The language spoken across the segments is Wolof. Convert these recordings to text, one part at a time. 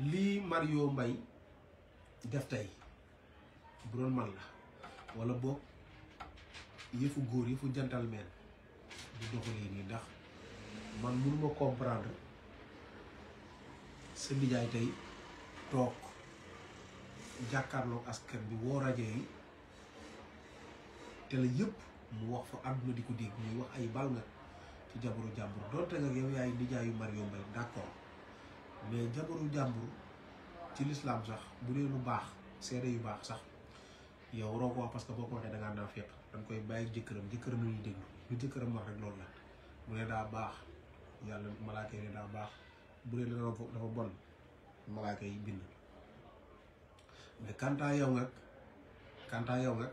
lii Mario Mbaye def tey bu doon man la wala boog yëfu góor yëfu gentleman du doxalee nii ndax man mënuma comprendre sa nijaay tey toog jàkkaarloog askan bi woo rajo yi te la yëpp mu wax fa àdduna di ko dégg muy wax ay bal nga ci jabaru jàmbur donte nga yow yaay nijaayu Mario Mbaye d'accord mais jabaru jàmbur ci l'islam sax bu lu bax séré yu bax sax yow roko parce que boko waxé da nga na fiq dang koy baye jëkërëm jëkërëm la ñuy déglu lu jëkkëram wax rek loolu la bu ne daa baax yàlla malaaka yi da bax baax bu dee la dafa bon malaaka yi bind mais kantaa yow nag kantaa yow nak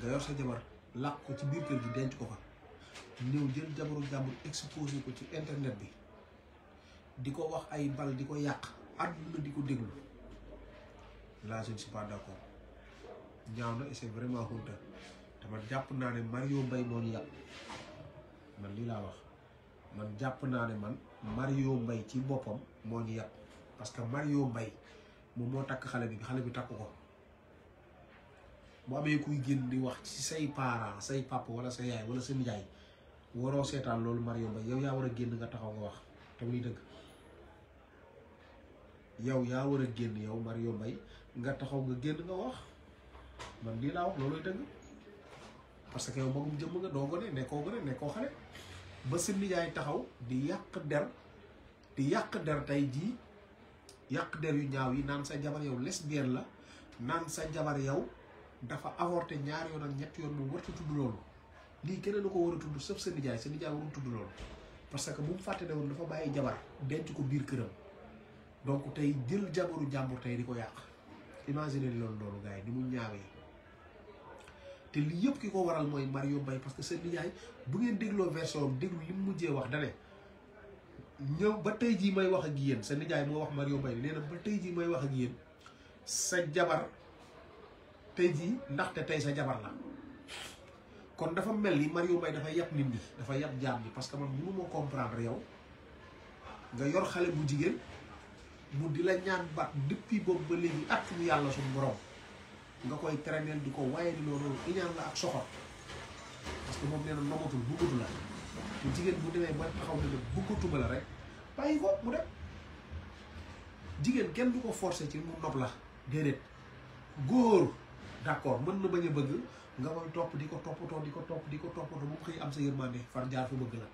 da yor sa jabar làq ko ci biir kër gi denc ko fa ñëw jël jabaru jàmbur exposé ko ci internet bi di ko wax ay bal di ko yak diko di ko je suis pas d'accord ñawna c'est vraiment honte dama japp naa ne Mario mbay mo ñu man li la wax man japp naa man Mario mbay ci bopam mo ñu parce que Mario mbay mo mo tak xale bi xale bi tak ko bu amé kuy genn di wax ci say parents say papa wala say yaay wala sa nijaay waroo seetaan lolou Mario mbay yow ya wara genn nga taxaw nga wax te muy yow yaa war a génn yow Mario Mbaye nga taxaw nga génn nga wax man lii laa wax loolooy dëgg parce que yow magum jëmm nga doo gone nekkoo gone nekkoo xale ba sa nijaay taxaw di yàq der di yàq der tey jii yàq der yu ñaaw yi naan sa jabar yow lesbienne la naan sa jabar yow dafa avorté ñaar yoon ak ñett yoon mu warta tudd loolu lii keneen ko war a tudd sëf sa nijaay sa nijaay warul tudd loolu parce que bu mu fàtte ne woon dafa bàyyi jabar denc ko biir këram donc tey jël jabaru jàmbur tey di ko yàq imaginer loolu loolu gars yi ni mu ñaawee te li yëpp ki ko waral mooy Mario Mbaye parce que seen nijaay bu ngeen dégloo version déglu li mu mujjee wax dane ñëw ba tey jii may wax ak yéen nijaay moo wax Mario Mbaye nee na ba jii may wax ak yéen sa jabar tey jii ndaxte tey sa jabar la kon dafa mel ni Mario bay dafa yab nit ñi dafa yab jaam ñi parce que man mënu ma comprendre yow nga yor xale bu jigéen mu di la ñaan bat depuis bob ba léegi ak mu yalla sun borom nga koy traîner diko waye di di ñaan la ak soxor parce que mom neena nomatul bu bëggatu la ci jigen bu demé ba taxaw ko bëggatuma la rek bayi ko mu dem jigen kenn du ko forcer ci mu nopp la dedet goor d'accord mën na baña bëgg nga koy di ko toppatoo di ko topp di ko toppatoo ba mu xey am sa yermane far jaar fu bëgg la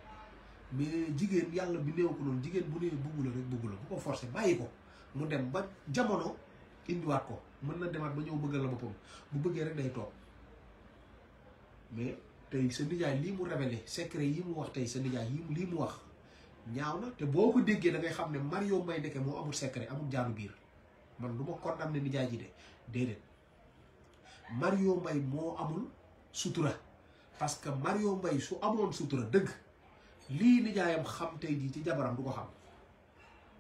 mais jigéen yàlla bi néew ko noonu jigéen bu nee bugg la rek bugg la bu ko forcé bàyyi ko mu dem ba jamono indiwaat ko mën na demaat ba ñëw bëggal la boppam bu bëggee rek day toog mais tey sa nijaay lii mu révélé secret yi mu wax tey sa nijaay yi lii mu wax ñaaw na te boo ko déggee da ngay xam ne Mario mbay Ndeke moo amul secret amul jaanu biir man du ma condamné nijaay ji de déedéet Mario Mbaye moo amul sutura parce que Mario Mbaye su amoon sutura dëgg lii nijaayam xam tey jii ci jabaram du ko xam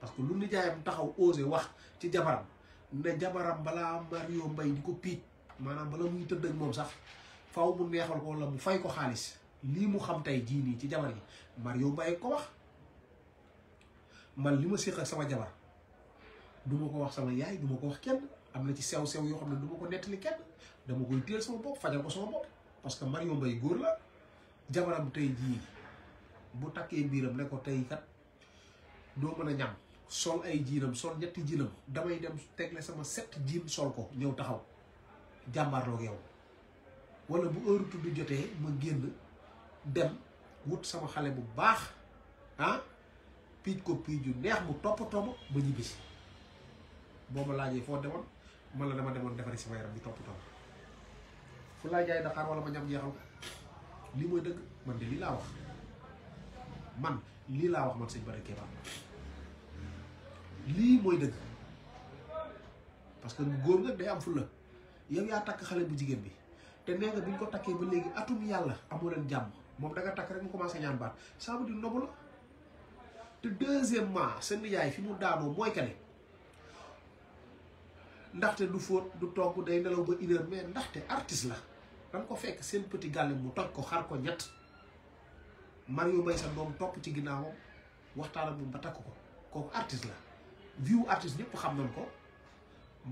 parce que lu nijaayam taxaw osé wax ci jabaram ne jabaram balaa Mario Mbaye di ko piic maanaam bala muy tëdd ak moom sax faw mu neexal ko wala mu fay ko xaalis lii mu xam tey jii nii ci jabar yi Mario Mbaye ko wax man li ma séq ak sama jabar du ma ko wax sama yaay du ma ko wax kenn am na ci sew-sew yoo xam ne du ma ko nettali kenn dama koy téel sama bopp fajal ko sama bopp parce que Mario Mbaye góor la jabaram tey jii bu takke biram ne ko tay kat do meuna ñam sol ay sol ñetti jiinam damay dem tegle sama set jim sol ko ñew taxaw lo yow wala bu heure tuddu jotté ma genn dem wut sama xalé bu baax ah piij ko piij ju neex mu top top ba ñibbisi boo boma laaje fo demoon man la dama demoon defari sama yaram di top top fu laa jaay xar wala ma ñam jeexal ko man de li la wax. man lii laa wax man sëñ Bara Kéba lii mooy dëgg parce que góor nga day am fulla yow yaa takk xale bu jigéen bi te nee nga bi ñu ko takkee ba léegi atum yàlla amu leen jàmm moom da nga takk rek mu commencé ñaan baat ça veut dire nobu la te deuxièmement seen nijaay fi mu daanoo mooy kane ndaxte du fóot du togg day nelaw ba une heure ndaxte artiste la danga ko fekk seen petit gàlle mu toj ko xar ko ñett Mario Mbaye sa doom topp ci ginnaawam waxtaan ak moom ba takk ko kooku artiste la view artiste ñëpp xam nañ ko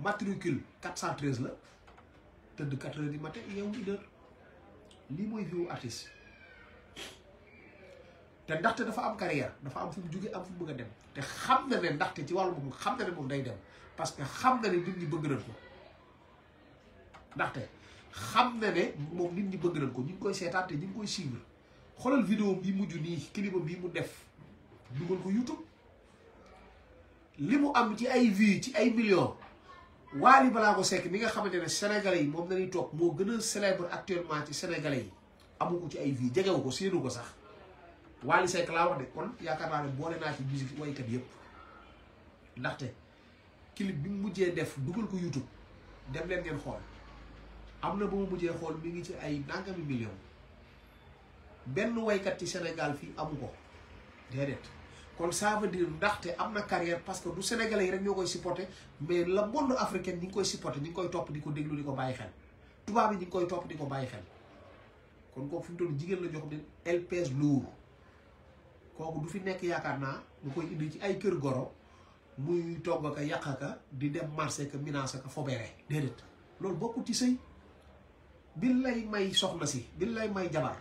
matricule 413 la tëdd 4 heures du matin yow une heure lii mooy view artiste te ndaxte dafa am carrière dafa am fu mu jóge am fu mu bëgg a dem te xam na ne ndaxte ci wàllu moom xam na ne moom day dem parce que xam na ne nit ñi bëgg nañ ko ndaxte xam na ne moom nit ñi bëgg nañ ko ñu ngi koy seetaan te ñu ngi koy suivre xoolal vidéo bi mujj nii clip bi mu def dugal ko YouTube li mu am ci ay vues ci ay millions Wally Ballago sekk mi nga xamante ne sénégalais yi moom lañuy toog moo gën a célèbre actuellement ci sénégalais yi amu ko ci ay vues jegewu ko séenu ko sax Wally Seck laa wax de kon yaakaar naa ne boole naa ci musique kat yëpp ndaxte clip bi mu mujjee def dugal ko YouTube dem leen ngeen xool am na ba mu mujjee xool mi ngi ci ay nangami million benn waykat ci Sénégal fii amu ko déedéet kon ça veut ndaxte am na carrière parce que du sénégale yi rek ñoo koy supporté mais la monde africain ñi ngi koy supporté ñi ngi koy topp di ko ko bàyyi xel tubaab yi ñi ngi koy topp di ko bàyyi xel kon kooku fi mu toll jigéen la jox ne elle pèse kooku du fi nekk yaakaar naa lu koy indi ci ay kër goro muy togg ka yàq di dem marché ka menace ka fobere déedéet loolu bokkul ci sëy bi lay may soxna si bi lay may jabar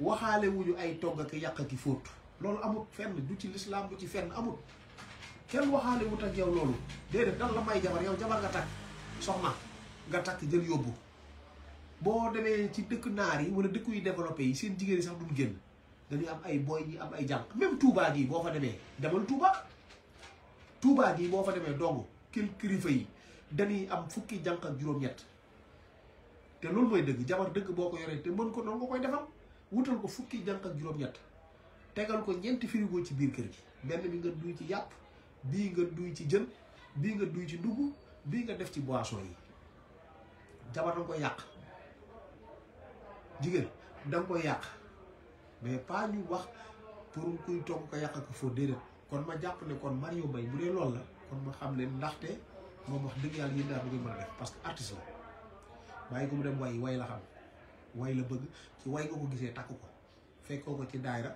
waxaale wuñu ay togg ak yàq ki fóot loolu amut fenn du ci lislaam du ci fenn amut kenn waxaale wut ak yow loolu déedéet dan la may jabar yow jabar nga takk soxna nga takk jël yóbbu boo demee ci dëkk naar yi wala dëkk yu développé yi seen jigéen yi sax duñ génn dañuy am ay boy yi am ay jànq même Touba gii boo fa demee demal Touba Touba gii boo fa demee dong kil kilifa yi dañuy am fukki jànq ak juróom-ñett te loolu mooy dëgg jabar dëkk boo ko yoree te mën ko noonu koy defal wutal ko fukki jànq ak juróom-ñett tegal ko ñeenti frigo ci biir kër gi benn bi nga duy ci yàpp bii nga duy ci jën bii nga duy ci ndugg bii nga def ci boisson yi jabar danga koy yàq jigéen danga koy yàq mais pas ñu wax pour kuy togg ko yàq ko foo déedéet kon ma jàpp ne kon Mario Mbaye bu dee loolu la kon ma xam leen ndaxte moom wax dëgg yàlla yéen daal du a def parce que artiste la bàyyi ko mu dem way way la xam way la bëgg ci way nga ko gisee takk ko fekkoo ko ci daayra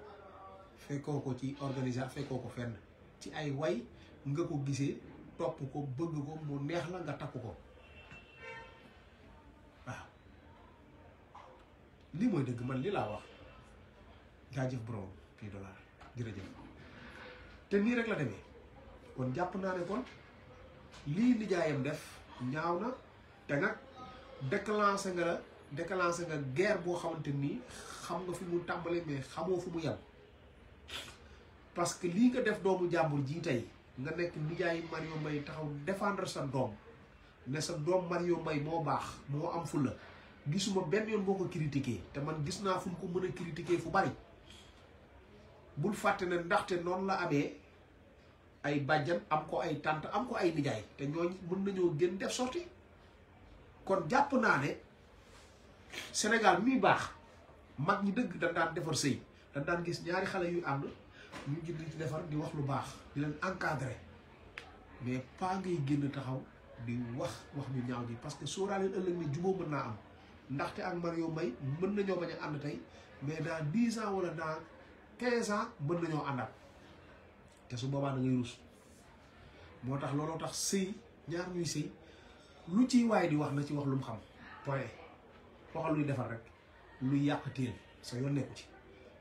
fekkoo ko ci organisation fekkoo ko fenn ci ay way nga ko gisee topp ko bëgg ko mu neex la nga takk ko waaw lii mooy dëgg man li laa wax jaajëf borom fii dollar jërëjëf te nii rek la demee kon jàpp naa ne kon lii nijaayam def ñaaw na te nag déclenché nga la déclenché nga ger boo xamante nii xam nga fi mu tàmbali mais xamoo fu mu yem parce que lii nga def doomu jàmbur ji tey nga nekk nijaay Mario Mbaye taxaw défendre sa doom ne sa doom Mario Mbaye moo baax moo am fulla gisuma benn yoon boo ko critiqué te man gis naa fu mu ko mën a critiqué fu bari bul fàtte ne ndaxte noonu la amee ay bàjjan am ko ay tànt am ko ay nijaay te ñooñ mën nañoo gën def sorti kon jàpp naa ne Senegal mi bax mag ñi deug dañ daan defar sey dañ daan gis ñaari xalé yu and ñu ngi di defar di wax lu bax di len encadrer mais pas ngay génn taxaw di wax wax ñu ñaaw ji parce que sóoraaleen ëllëg ne juboo mën naa am ndaxte ak Mario May mën nañoo baña and tay mais da 10 ans wala da 15 ans mën nañoo àndaat te su boobaa da ngay rus motax lolo tax sey ñaar ñuy sey lu ci way di wax na ci wax lu mu xam point waxal luy defar rek lu yàq téel sa yoon nekku ci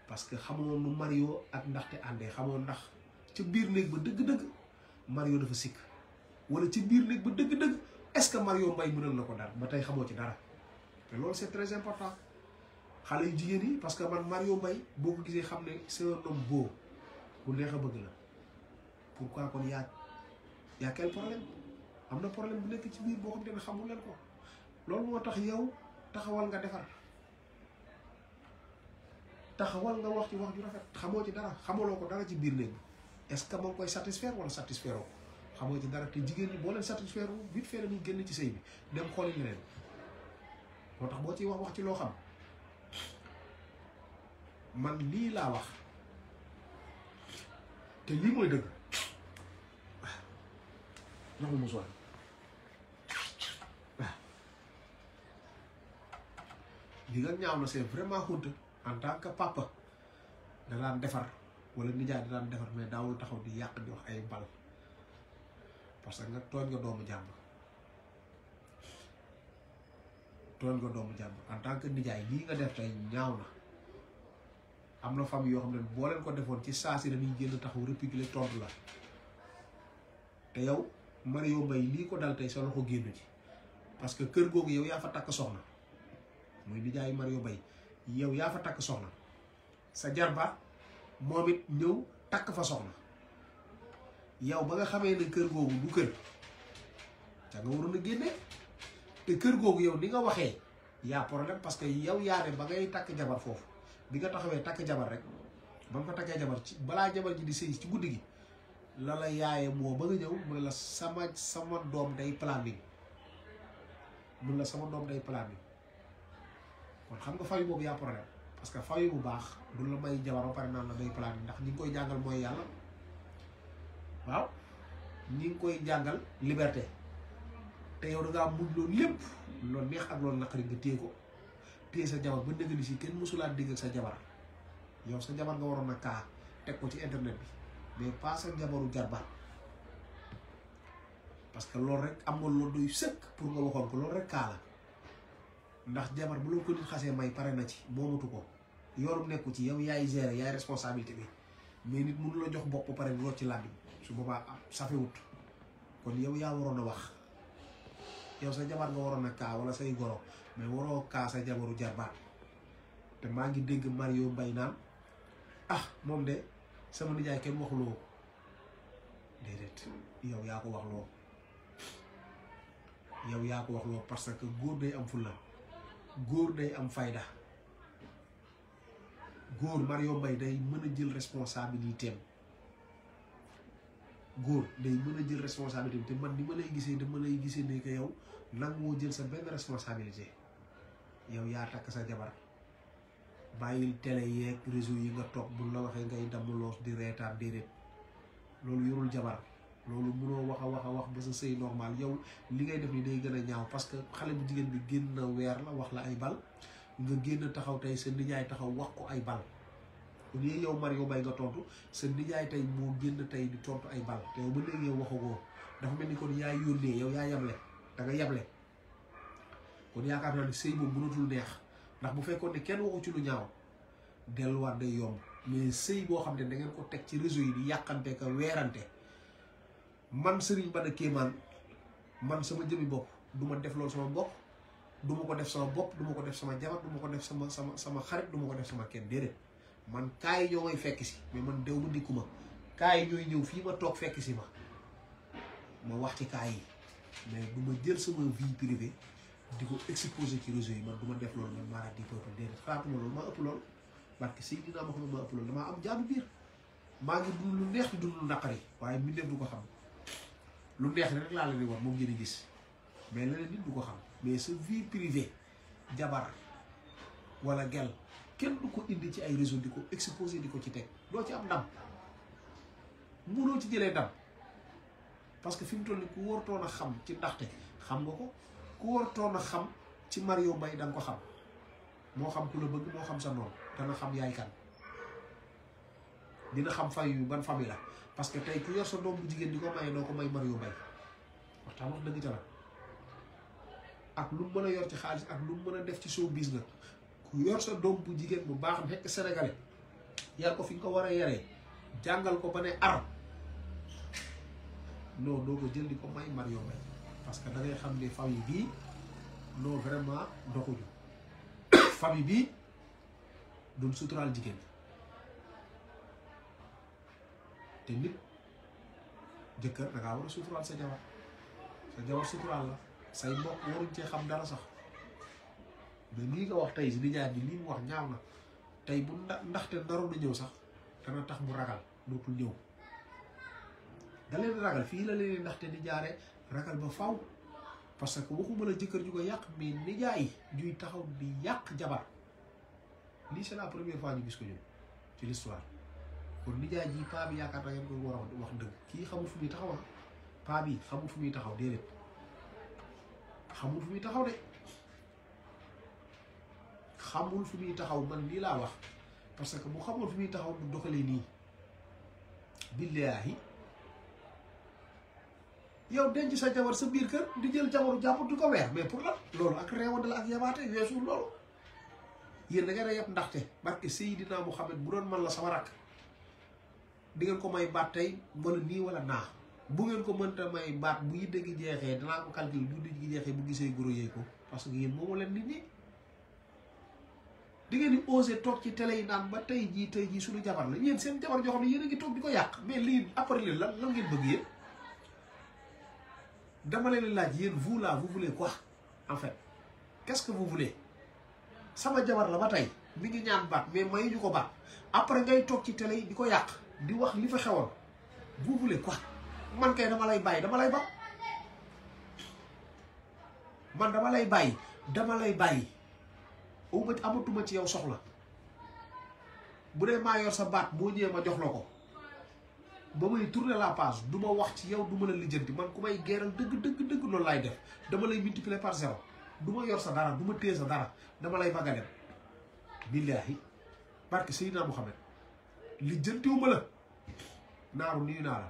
parce que xamoo nu Mario ak ndaxte àndee xamoo ndax ca biir néeg ba dëgg-dëgg Mario dafa sikk wala ci biir néeg ba dëgg-dëgg est-ce que Mario Mbaye mënal ko dara ba tey xamoo ci dara te loolu c'est très important yu jigéen yi parce que man Mario Mbaye boo ko gisee xam ne c'est un homme beau ku neex a bëgg la pourquoi kon yaa yaa quel am na problème bu nekk ci biir boo xam ne xamul leen ko loolu moo tax yow taxawal nga defar taxawal nga wax ci wax ju rafet xamoo ci dara xamaloo ko dara ci biir néeg est-ce que moo ngi koy satisfaire wala satisfaire oo xamoo ci dara te jigéen ñi boo leen satisfaire wu vite fait la ñuy génn ci sëy bi dem xooli ñeneen moo tax boo ci wax wax ci loo xam man lii laa wax te lii mooy dëgg jox ma musuwaay li nga ñaaw na c'est vraiment xudd en tant que papa da daan défar wala ni nijaay da daan défar mais daawul taxaw di yaq di wax ay bal parce que nga toñ nga doomu jamm toñ nga doomu jamm en tant que nijaay li nga def tay ñaaw na amna fam yo xamne bo len ko defon ci saa si dañuy génn taxaw répiculer tontu la te yow mari yo Mbaye li ko dal tay sa loxo génn ci parce que kër googu yow ya fa tak soxna muy di jaay Mario Bay yow ya fa tak soxna sa jarba momit ñew tak fa soxna yow ba nga xamé ne kër gogou du kër ta nga waru na génne te kër gogou yow ni nga waxé ya problème parce que yow yaa ne ba ngay tak jabar fofu bi nga taxawé tak jabar rek ba nga fa jabar ci bala jabar ji di sey ci guddigi la la yaaye mo ba nga ñew mo la sama sama dom day planning mo la sama dom day planning kon xam nga fayu boobu yaa problème parce que fayu bu baax du la may jabar ba pare naan la day plan ndax ni nga koy jàngal mooy yàlla waaw ni koy jàngal liberté te yow da ngaa lépp loolu neex ak loolu naqari nga téye ko téye sa jabar ba nëgëli si kenn mësulaa dégg sa jabar yow sa jabar waroon a kaa teg ko ci internet bi mais pas sa jabaru jarbar parce que loolu rek am nga loolu doy sëkk pour nga waxoon ko loolu rek kaa la ndax jabar bu la ko nit xasee may pare na ci moomatu ko yoonum nekku ci yow yaay gérer yaay responsabilité bi mais nit mënu la jox bopp ba pare root ci làmmiñ su boobaa am ah, safewut kon yow yaa waroon a wax yow sa jabar nga waroon a kaa wala say goro mais waroo kaa sa jabaru te maa ngi dégg Mario Mbaye naan ah moom de sama nijaay kenn waxuloo déedéet yow yaa ko waxloo yow yaa ko waxloo parce que góor day am fulla góor day am fayda góor Mario Mbaye day mën a jël responsabilité am góor day mën a jël responsabilité te man ni ma lay gisee dama lay gisee ne que yow nang moo jël sa benn responsabilité yow yaa takk sa jabar bàyyil télé yeeg réseau yi nga toog bu la waxee ngay damm di reetaan déedéet loolu yorul jabar loolu munoo wax a wax a wax ba sa sëy normal yow li ngay def ni day gën a ñaaw parce que xale bu jigéen bi génn weer la wax la ay bal nga génn taxaw tey sa nijaay taxaw wax ko ay bal au lieu yow Mario Mbaye nga tontu sa tey moo génn tey di tontu ay bal te yow ba léegi yow waxagoo dafa mel ni kon yaa yónnee yow yaa yable da nga yable kon yaakaar naa ne sëy boobu mënatul neex ndax bu fekkoon ne kenn waxu ci lu ñaaw delluwaat day yomb mais sëy boo xam ne da ngeen ko teg ci réseau yi di yàqante ka weerante. man Serigne Bada Kéemaan man man sama jëmi bopp du ma def loolu sama bopp du ko def sama bopp duma ko def sama jabar duma ko def sama sama sama xarit du ko def sama kenn déedéet man kaay ñoo may fekk si mais man dew ma dikku ma kaay ñooy ñëw fii ma toog fekk si ma ma wax ci kaay yi mais du ma jël sama vie privée di ko exposé ci yi man du ma def loolu di peuple déedéet xalaatuma loolu maa ëpp lool parce que si dinaa ma xam ne maa ëpp lool damaa am jaabu biir maa ngi dund lu neex di dund lu naqari waaye mbindeef du ko xam. lu neex rek laa leen di wax moom ngeen gis mais leneen nit du ko xam mais sa vie privé jabar wala gel kenn du ko indi ci ay réseau di ko exposé di ko ci teg doo ci am ndam munoo ci jëlee ndam parce que fi mu toll nii ku wartoon a xam ci ndaxte xam nga ko ku wartoon a xam ci Mario Mbaye da nga ko xam moo xam ku la bëgg moo xam sa noonu dana xam yaay kan dina xam fay yu ba famille la parce que tey ku yor sa doom bu jigéen di ko maye doo ko may Mario Mbaye waxtaan wax dëgg ak lu mu mën a yor ci xaalis ak lu mu mën a def ci showbiz nag ku yor sa doom bu jigéen bu baax nekk sénégalais yar ko fi nga ko war a yaree jàngal ko ba ne arab non doo ko jël di ko may Mario Mbaye parce que da xam ne famille bii non vraiment doxuñu famille bii duñ suturaal jigéen te nit jëkkër da ngaa war a suturaal sa jabar sa jabar suturaal la say mbokk waruñ cee xam dara sax mais lii nga wax tey si nijaay bi lii mu wax ñaaw na tey bu ndaxte naroon na ñëw sax dana tax mu ragal dootul ñëw da leen ragal fii la leen ndaxte di jaare ragal ba faw parce que waxuma la jëkkër ju ko yàq mais nijaay juy taxaw di yàq jabar lii c'est la première fois ñu gis ko ñun ci l'histoire kon nijaay jaaji paa bi yaakaar naa ko war a wax deug ki xamul fu mi taxaw ah. paa bi xamul fu mi taxaw déedéet xamul fu mi taxaw de xamul fu mi taxaw man li la wax parce que bu xamul fu mi taxaw du doxalee akhirnya billahi yow denc sa jabar sa bir keur di jël jabaru jàpp di ko wer mais pour la lolu ak dal ak lolu yeen da rayap ndaxte barke sayyidina Muhammad bu doon man la sama rak di ngeen ko may baat tey mën a nii wala naa bu ngeen ko mënta may baat bu yidde gi jeexee danaa ko calculer bu yidde gi jeexee bu gisee goro yee ko parce que yéen moomu leen nit ñi di ngeen di osé toog ci télé yi naan ba tey jii tey jii suñu jabar la yéen seen jabar joo ne yéen a ngi toog di ko yàq mais lii après li la lan ngeen bëgg yéen dama leen laaj yéen vous là vous voulez quoi en fait qu'est-ce que vous voulez sama jabar la ba tey mi ngi ñaan baat mais mayuñu ko baat après ngay toog ci télé yi di ko yàq. di wax li fa xewoon vous voulez quoi man kay dama lay bàyyi dama lay ba man dama lay bàyyi dama lay bàyyi uma amatuma ci yow soxla bu dee maa yor sa baat boo ñëwee ma jox la ko ba may tourner la page du ma wax ci yow du a la lijjanti man ku may geeral dëgg dëgg dëgg loolu laay def dama lay multiplier par zéro du ma yor sa dara du ma téye sa dara dama lay bëgg a dem billaahi barke Seydina Muhammad li jëntiwuma la naaru nuyu naa la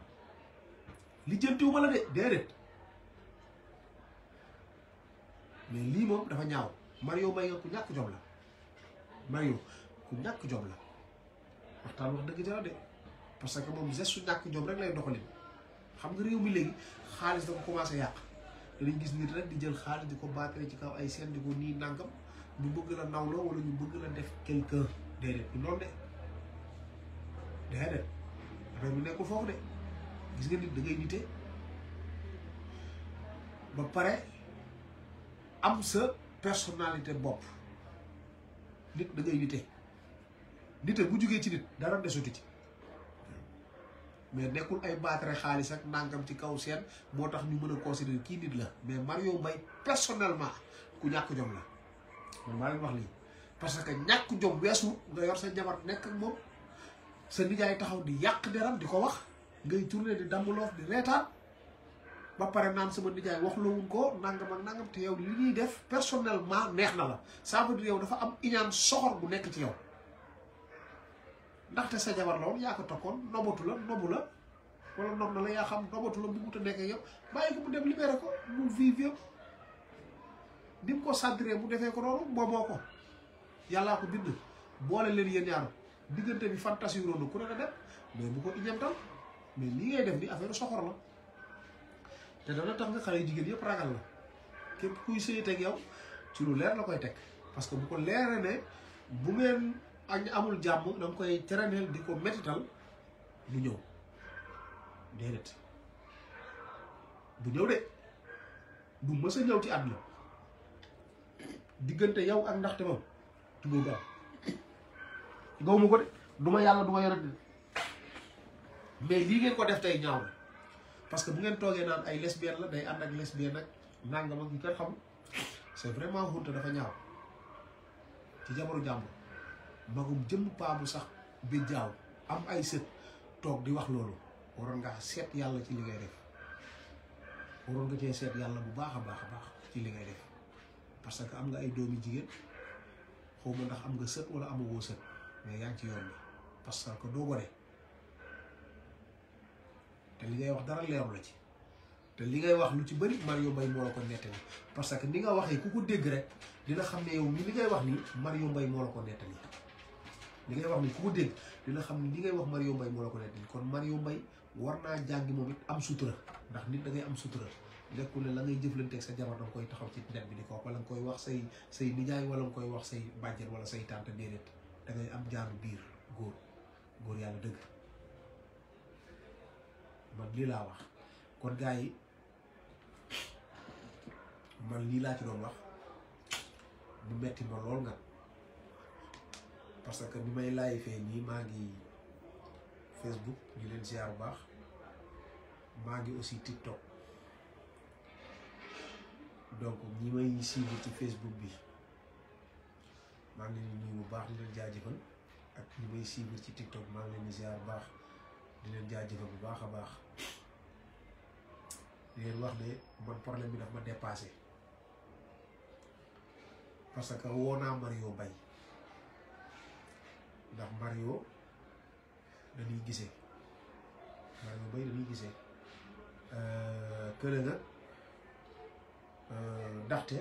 li jëntiwuma la de déedéet mais lii moom dafa ñaaw Mario may nga ku ñàkk jom la Mario ku ñàkk jom la waxtaan wax dëgg jara de parce que moom gestu ñàkk jom rek lay doxalin xam nga réew mi léegi xaalis da ko commencé yàq danañ gis nit rek di jël xaalis di ko baatale ci kaw ay seen di ko nii nàngam ñu bëgg la nawloo wala ñu bëgg la def quelqu'un déedéet loolu de déedéet affaire bi nekkul foofu de gis nga nit da ngay nite ba pare am sa personnalité bopp nit da ngay nite nite bu jugee ci nit dara desutu ci mais nekkul ay baatare xaalis ak nangam ci kaw seen moo tax ñu mën a considérer kii nit la mais Mario Mbaye personnellement ku ñàkk jom la man maa leen wax lii parce que ñàkk jom weesu nga yor sa jabar nekk ak moom sa nijaay taxaw di yak deram di wax ngay tourner di dambulof di reetaan ba pare nan sama nijaay wax lawun ko nangam ak nangam te yow li ñuy def personnellement neex na la sa bu yow dafa am iñan soxor bu nekk ci yow te sa jabar la ya ko tokon nobotu la nobu la wala nob na la ya xam nobotu la mu ta nekk yow baye ko mu dem libéré ko mu vive yëpp ko sadré mu ko boko yalla ko bind bolé len yeen ñaar digënté bi fantas yu rondu ku rena dem mais bu ko tam mais li ngay def di affaire soxor la te dana tax nga xalé yu jigéen yëpp ragal la képp kuy sëy teg yow ci lu leer la koy tek parce que bu ko léré né bu ngeen ak amul jamm da koy teraneel diko ko mettital du ñëw dédét du ñëw dé du mësa ñëw ci àdduna digënté yow ak té mom du am gawma ko de duma yàlla duma yonent mais lii ngeen ko def tey ñaaw na parce que bu ngeen toogee naan ay lesbienne la day ànd ak lesbienne nag nangam ak yu kenn xamul c' est vraiment xunta dafa ñaaw ci jabaru jàmbur magum jëmm yang bu sax bi jaaw am ay sët toog di wax loolu waroon nga seet yàlla ci li ngay def waroon nga cee seet yàlla bu baax a baax ci li ngay def parce que am nga ay doomi jigéen xaw ndax am nga sët wala amoo sët mais yaa ci yoon bi parce que doo gone te li ngay wax dara leeru la ci te li ngay wax lu ci bëri Mario Mbaye moo la ko nettali parce que ni nga waxee ku ko dégg dina xam yow mi li ngay wax nii Mario Mbaye moo la ko nettali li ngay wax nii ku ko dégg dina xam ne li ngay wax Mario Mbaye moo la ko nettali kon Mario Mbaye war naa jàngi moom it am sutura ndax nit da ngay am sutura nekkul ne la ngay jëflanteeg sa jabar danga koy taxaw ci net bi di ko wala nga koy wax say say nijaay wala nga koy wax say bàjjen wala say tante déedéet dagay am jaaru biir goor goor yàlla deug ba li la wax kon gaay man li la ci doon wax mu metti ma lol nga parce que bi may laay fee nii ngi Facebook ñu len ziar bu baax maa ngi aussi TikTok donc ñi may suivre ci Facebook bi maa ngi leen bu baax di leen jaajëfal ak ñi may suivre ci TikTok maa ngi leen di ziar bu baax di leen jaajëfal bu baax a baax leen wax ne man problème bi daf ma dépassé parce que woo naa Mario ndax Mario dañuy gisee Mario Mbaye dañuy gisee euh, kële nga euh, ndaxte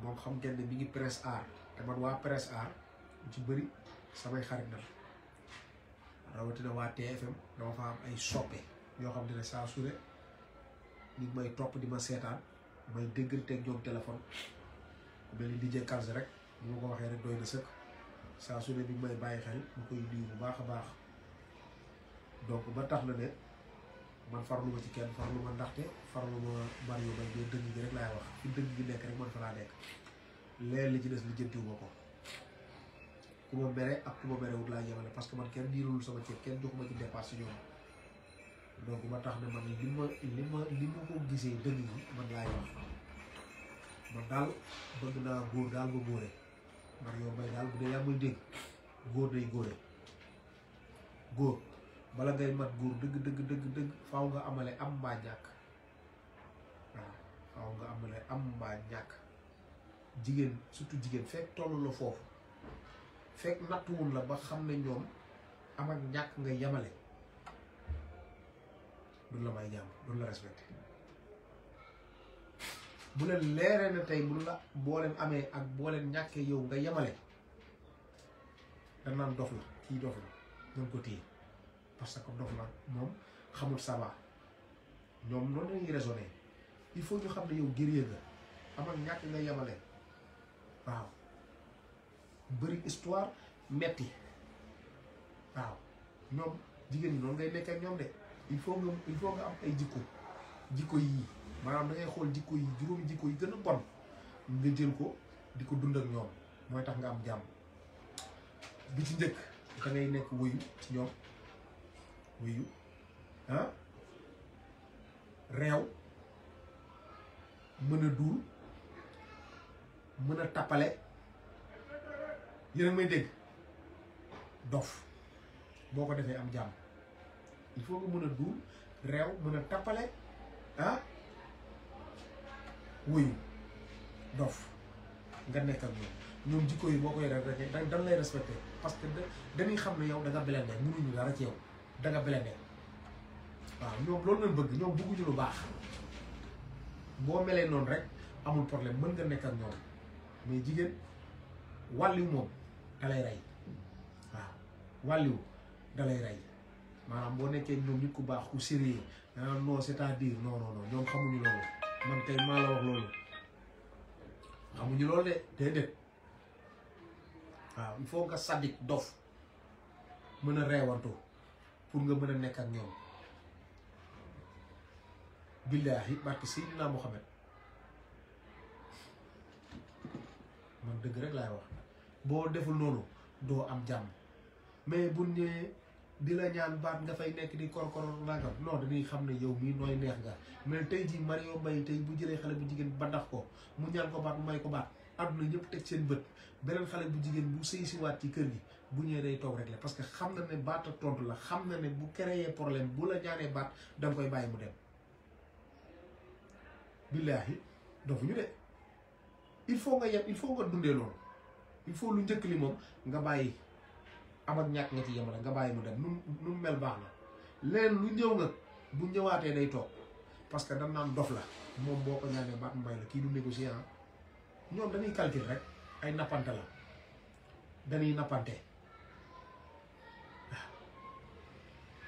boo xam ngeen ne ngi presse aar. te man waa presse aar lu ci bëri samay xarit dal rawatina waa TFM dama fa am ay soppe yoo xam ne saa su ne ñu may topp di ma seetaan may dégganteeg ñoom téléphone ku mel ni DJ Kalz rek bu ma ko waxee rek doy na sëkk saa su ne bi may bàyyi xel mu koy nuyu bu baax a baax donc ba tax na ne man farlu ma ci kenn farlu ma ndaxte farlu ma bari yu may dëgg gi rek laay wax fi dëgg gi nekk rek man fa laa nekk. leen li ci des li jëntiwuma ko ku ma bere ak ku ma berewut laa yemale parce que man kenn diirul sama ceeb kenn joxuma ci dépasse si ñoom donc ma tax ne man lima ma li ma li ma ko gisee dëgg yi man laa yem man dal bëgg naa góor daal ba góore man yow may daal bu dee yaa may dégg góor day góore góor bala ngay mat góor dëgg dëgg dëgg dëgg faaw nga amale am mbaa ñàkk waaw faaw nga amale am mbaa ñàkk jigéen surtout jigéen fekk tollu la foofu fekk nattuwul la ba xam ne ñoom am ak ñàkk nga yamale du la may jàmm du la respecté bu leen leeree na tey bu la boo leen amee ak booleen leen ñàkkee yow nga yamale danaan dof la kii dof la nañ ko téye parce que dof la moom xamul saba ñoom noonu la ñuy il faut ñu xam ne yow guerrier nga am ak ñàkk nga yemale waaw bëri histoire metti waaw ñoom jigéen ñi noonu ngay nekk ak ñoom de il faut nga il faut nga am ay jikko jikko yii maanaam da ngay xool jikko yi juróomi jikko yi gën a bon nga jël ko di ko dund ak ñoom mooy tax nga am jàmm bi ci njëkk da ngay nekk wuyu ci ñoom wuyu ah réew mën a duul mën a tappale yéen a may dégg dof boo ko defee am jàmm il faut que mën a duul réew mën a tappale ah wuyu dof nga nekkal ñoom ñoom jikko yi boo koy rek da dañ lay respecté parce que dañuy xam ne yow da nga belende mënuñu dara ci yow da nga waaw ñoom loolu lañ bëgg ñoom bëgguñu lu baax boo melee noonu rek amul problème mën nga nekk ak mais jigéen wàlliw moom dalay rey waaw wàlliw dalay rey maanaam boo nekkee ñoom nit ku baax ku sérieux danaa non c'est-à-dire non non non ñoom xamuñu loolu man tey maa wax loolu xamuñu loolu de déedéet waaw il faut nga sadique dof mën a reewantoo pour nga mën a nekk ak ñoom billaahi barke Seydina Muhammad man dëgg rek laay wax boo deful noonu doo am jàmm mais bu ñëwee di la ñaan baat nga fay nekk di korkor nangam non dañuy xam ne yow mii nooy neex nga mais tey jii Mario Mbaye tey bu jëlee xale bu jigéen ba ndax ko mu ñaan ko baat mu ko baat àdduna ñëpp teg seen bët beneen xale bu jigéen bu sëy si ci kër gi bu ñëwee day toog parce que xam na ne baat ak la xam na ne bu créé problème bu la ñaanee baat danga koy bàyyi mu dem billaahi doofu ñu de il faut nga yem il faut nga dundee loolu il faut lu njëkk li moom nga bàyyi am ak ñàkk nga ci yemale nga bàyyi mu dem nu nu mel baax na leen lu ñëw nga bu ñëwaatee day toog parce que dañ naan dof la moom boo ko ñaanee baat mbay la kii du négociant ah. ñoom dañuy calcul rek ay nappante la dañuy nappante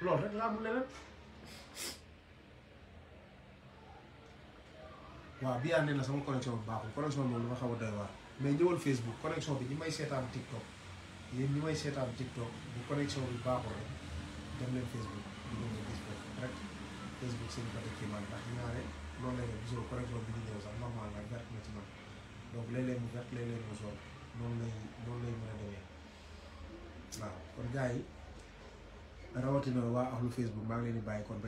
waaw rek laa mun leneen waaw bi ne na sama connexion bi baaxul connexion bi moom dafa xaw a doy waar mais ñëwal Facebook connexion bi ñu may seetaan TikTok yéen ñi may seetaan TikTok bu connexion bi baaxul rek dem leen Facebook di ngeen ko gis rek Facebook seen côté kii man ndax ñaare noonu lay bi ñu ñëw sax normal la vert na ci man donc léeg noonu lay mën a demee waaw kon gars yi rawatina waa ahlu Facebook maa ngi leen di bàyyi kon.